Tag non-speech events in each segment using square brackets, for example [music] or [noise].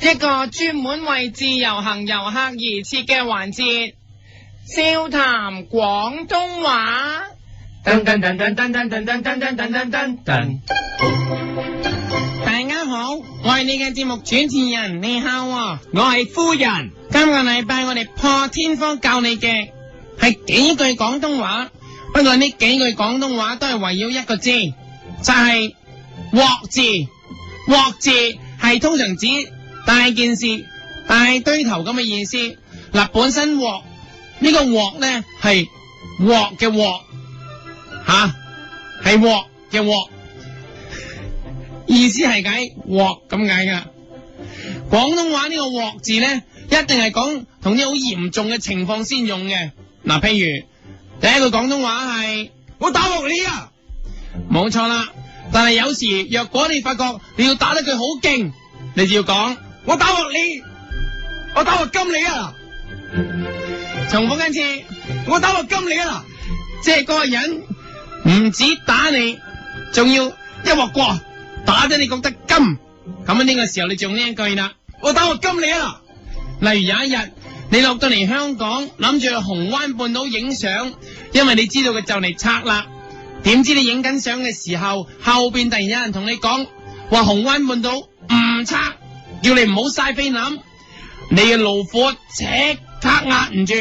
一個專門為自由行遊客而設嘅環節，笑談廣東話。大家好，我係你嘅節目主持人，你好、哦。我係夫人。今個禮拜我哋破天荒教你嘅係幾句廣東話，不過呢幾句廣東話都係圍繞一個字，就係、是“鑊”字。鑊字係通常指。大件事，大堆頭咁嘅意思。嗱，本身鑊、這個、呢個鑊咧係鑊嘅鑊，吓係鑊嘅鑊，意思係解鑊咁解噶。廣東話個呢個鑊字咧，一定係講同啲好嚴重嘅情況先用嘅。嗱，譬如第一個廣東話係 [laughs] 我打鑊你啊，冇錯啦。但係有時若果你發覺你要打得佢好勁，你就要講。我打鑊你，我打鑊金你啊！重複一次，我打鑊金你啊！即係嗰個人唔止打你，仲要一鑊過打得你覺得金。咁啊呢個時候你仲呢一句啦，我打鑊金你啊！例如有一日你落到嚟香港，諗住去紅灣半島影相，因為你知道佢就嚟拆啦。點知你影緊相嘅時候，後邊突然有人同你講話紅灣半島唔拆。叫你唔好晒菲林，你嘅怒火即刻壓唔住，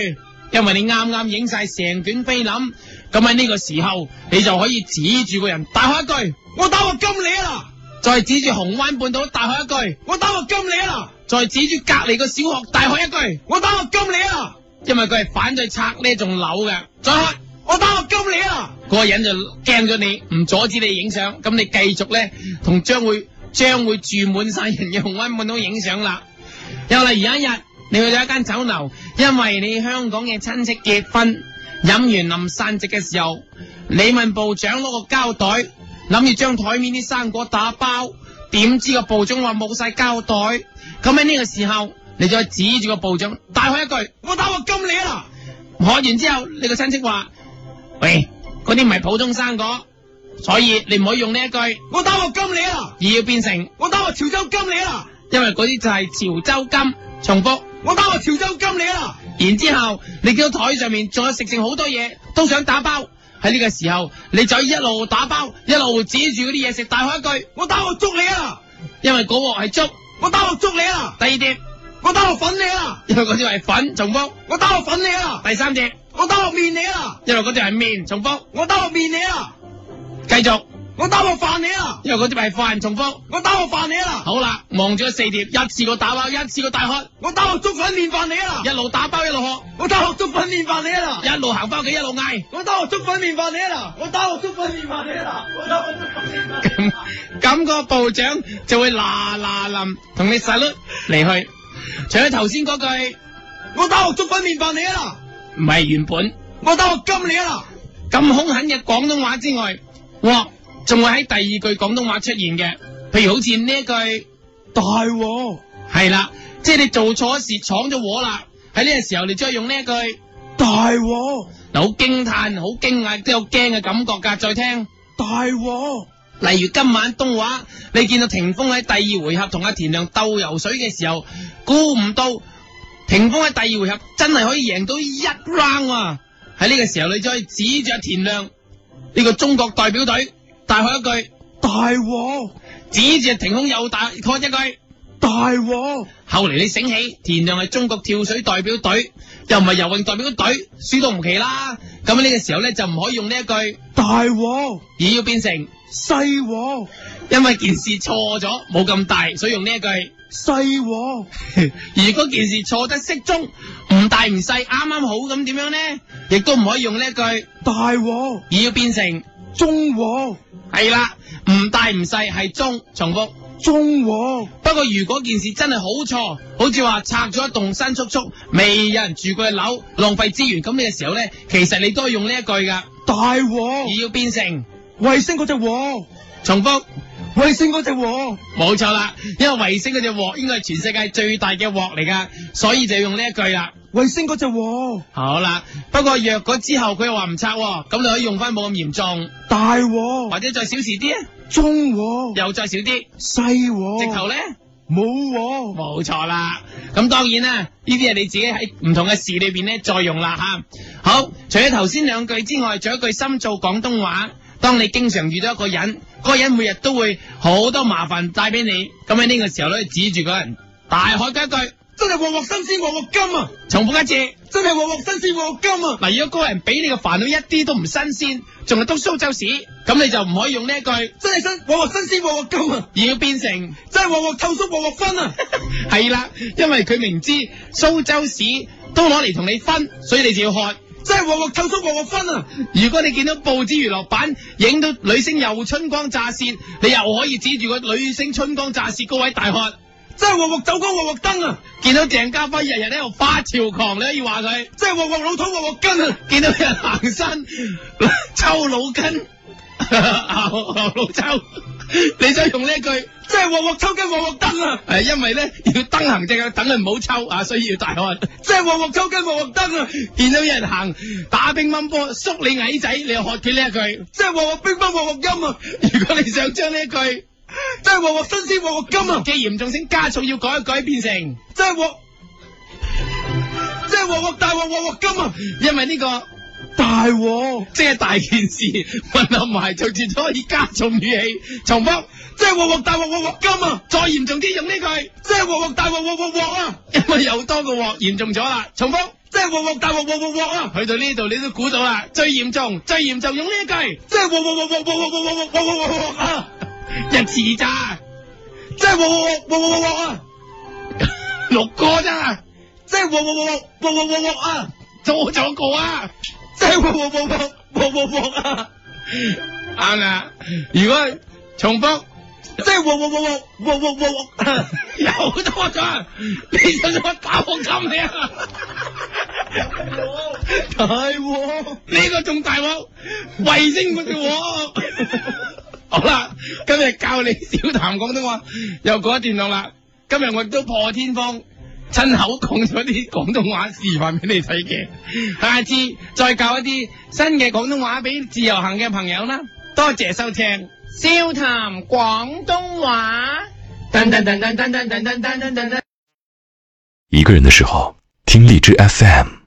因為你啱啱影晒成卷菲林，咁喺呢個時候，你就可以指住個人大喊一句：我打個金你啦！再指住紅灣半島大喊一句：我打個金你啦！再指住隔籬個小學大喊一句：我打個金你啦！因為佢係反對拆呢一棟樓嘅，再喊我打個金你啦！個人就驚咗你，唔阻止你影相，咁你繼續咧同將會將會住滿晒人嘅紅温滿到影相啦！又例如有一日，你去到一間酒樓，因為你香港嘅親戚結婚，飲完臨散席嘅時候，你問部長攞個膠袋，諗住將台面啲生果打包，點知個部長話冇晒膠袋。咁喺呢個時候，你再指住個部長，大開一句： [laughs] 我打我金你啦！開完之後，你個親戚話：喂，嗰啲唔係普通生果。.所以你唔可以用呢一句我打鑊金你啦，而要變成我打鑊潮州金你啦，因為嗰啲就係潮州金。重複，我打鑊潮州金你啦。然之後你見到台上面仲有食剩好多嘢，都想打包。喺呢個時候，你就一路打包，一路指住嗰啲嘢食，大喊一句，我打鑊粥你啊，因為嗰鑊係粥。我打鑊粥你啊。第二碟，我打鑊粉你啦，因為嗰啲係粉。重複，我打鑊粉你啊。第三碟，我打鑊麵你啦，因為嗰啲係麵。重複，我打鑊，我打鑊麵你啊。繼續，我打我飯你啦，因為嗰啲咪犯人重複。我打我飯你啦，好啦，望住嗰四碟，一次過打包，一次過大開。我打我粥粉麵飯你啦，一路打包一路學。我打我粥粉麵飯你啦，一路行翻屋企一路嗌。我打我粥粉麵飯你啦，我打我粥粉麵飯你啦。咁咁個部長就會嗱嗱臨同你實甩離去。除咗頭先嗰句，我打我粥粉麵飯你啦，唔係原本我打我金你啦，咁兇狠嘅廣東話之外。哇！仲會喺第二句廣東話出現嘅，譬如好似呢一句大鑊和，係啦，即係你做錯事闖咗禍啦。喺呢個時候，你再用呢一句大鑊和，嗱好驚嘆、好驚訝、都有驚嘅感覺噶。再聽大鑊和，例如今晚東話，你見到霆鋒喺第二回合同阿田亮鬥游水嘅時候，估唔到霆鋒喺第二回合真係可以贏到一 round 啊。喺呢個時候，你再指着田亮。呢個中國代表隊大開一句大鑊，指住係停空又大開一句大鑊。後嚟你醒起田亮係中國跳水代表隊，又唔係游泳代表隊，輸都唔奇啦。咁呢個時候咧就唔可以用呢一句大鑊，而要變成細鑊，因為件事錯咗冇咁大，所以用呢一句。細，細 [laughs] 如果件事錯得適中，唔大唔細，啱啱好咁，點樣，樣呢？亦都唔可以用呢一句大鑊，而要變成中鑊。係啦，唔大唔細係中。重複中鑊。不過如果件事真係好錯，好似話拆咗一棟新簇簇，未有人住過嘅樓，浪費資源咁嘅時候咧，其實你都係用呢一句噶大鑊，而要變成衛星嗰隻鑊。重複。衛星嗰隻鑊，冇錯啦，因為衛星嗰隻鑊應該係全世界最大嘅鑊嚟噶，所以就用呢一句啦。衛星嗰隻鑊，好啦，不過若果之後佢又話唔拆鑊，咁你可以用翻冇咁嚴重，大鑊鍋，或者再小時啲啊，中鑊鍋又再少啲細鑊，細鍋直頭咧冇鑊，冇錯啦。咁當然啦，呢啲係你自己喺唔同嘅事裏邊咧再用啦吓。好，除咗頭先兩句之外，仲有一句深造廣東話。當你經常遇到一個人，嗰個人每日都會好多麻煩帶俾你，咁喺呢個時候咧，指住嗰人大喝一句：真係鑊鑊新鮮鑊鑊金啊！重複一次，真係鑊鑊新鮮鑊鑊金啊！嗱，如果嗰個人俾你嘅煩惱一啲都唔新鮮，仲係督蘇州屎，咁你就唔可以用呢一句，真係新鑊鑊新鮮鑊鑊金啊，而要變成真係鑊鑊透縮鑊鑊分啊！係 [laughs] 啦， [laughs] 因為佢明知蘇州屎都攞嚟同你分，所以你就要喝。真係鑊鑊抽風鑊鑊昏啊！如果你見到報紙娛樂版影到女星又春光乍泄，你又可以指住個女星春光乍泄嗰位大喝，真係鑊鑊走光鑊鑊燈啊！見到鄭家輝日日喺度花潮狂，你可以話佢真係鑊鑊老土鑊鑊根啊！見到人行山抽老根，阿、 [laughs] 啊、老抽。你想用呢一句，即係鑊鑊抽筋鑊鑊燈啊！係因為咧要燈行正啊，等佢唔好抽啊，所以要大開。即係鑊鑊抽筋鑊鑊燈啊！見到有人行打乒乓波縮你矮仔，你又學佢呢一句，即係鑊鑊乒乓鑊鑊金啊！如果你想將呢一句，即係鑊鑊新鮮鑊鑊金啊，嘅嚴重性加速要改一改，變成即係鑊，即係鑊鑊大鑊鑊鑊金啊！因為呢個。大鑊，即係大件事，混合埋，住咗，可以加重語氣。重複，即係鑊鑊大鑊鑊鑊咁啊！再嚴重啲，用呢句，即係鑊鑊大鑊鑊鑊鑊啊！因為，又多個鑊，嚴重咗啦。重複，即係鑊鑊大鑊鑊鑊鑊啊！去到呢度，你都估到啦，最嚴重，最嚴重，用呢句，即係鑊鑊鑊鑊鑊鑊鑊鑊鑊鑊鑊啊！一次咋，即係鑊鑊鑊鑊鑊鑊啊！六個咋，即係鑊鑊鑊鑊鑊鑊鑊鑊啊！做咗個啊！即係鑊鑊鑊鑊鑊鑊啊，啱啦、嗯啊！如果重複，即係鑊鑊鑊鑊鑊鑊鑊鑊，又、啊、 [laughs] 多咗，你想打我打波金你啊？ [laughs] [laughs] 大鑊鍋呢 [laughs] 個仲大鑊，衛星嗰條鑊。 [laughs] [laughs] 好啦，今日教你小譚講得話，又過一段落啦。今日我都破天荒。親口講咗啲廣東話示範俾你睇嘅，下次再教一啲新嘅廣東話俾自由行嘅朋友啦。多謝收聽《笑談廣東話》。一個人嘅時候，聽荔枝 FM。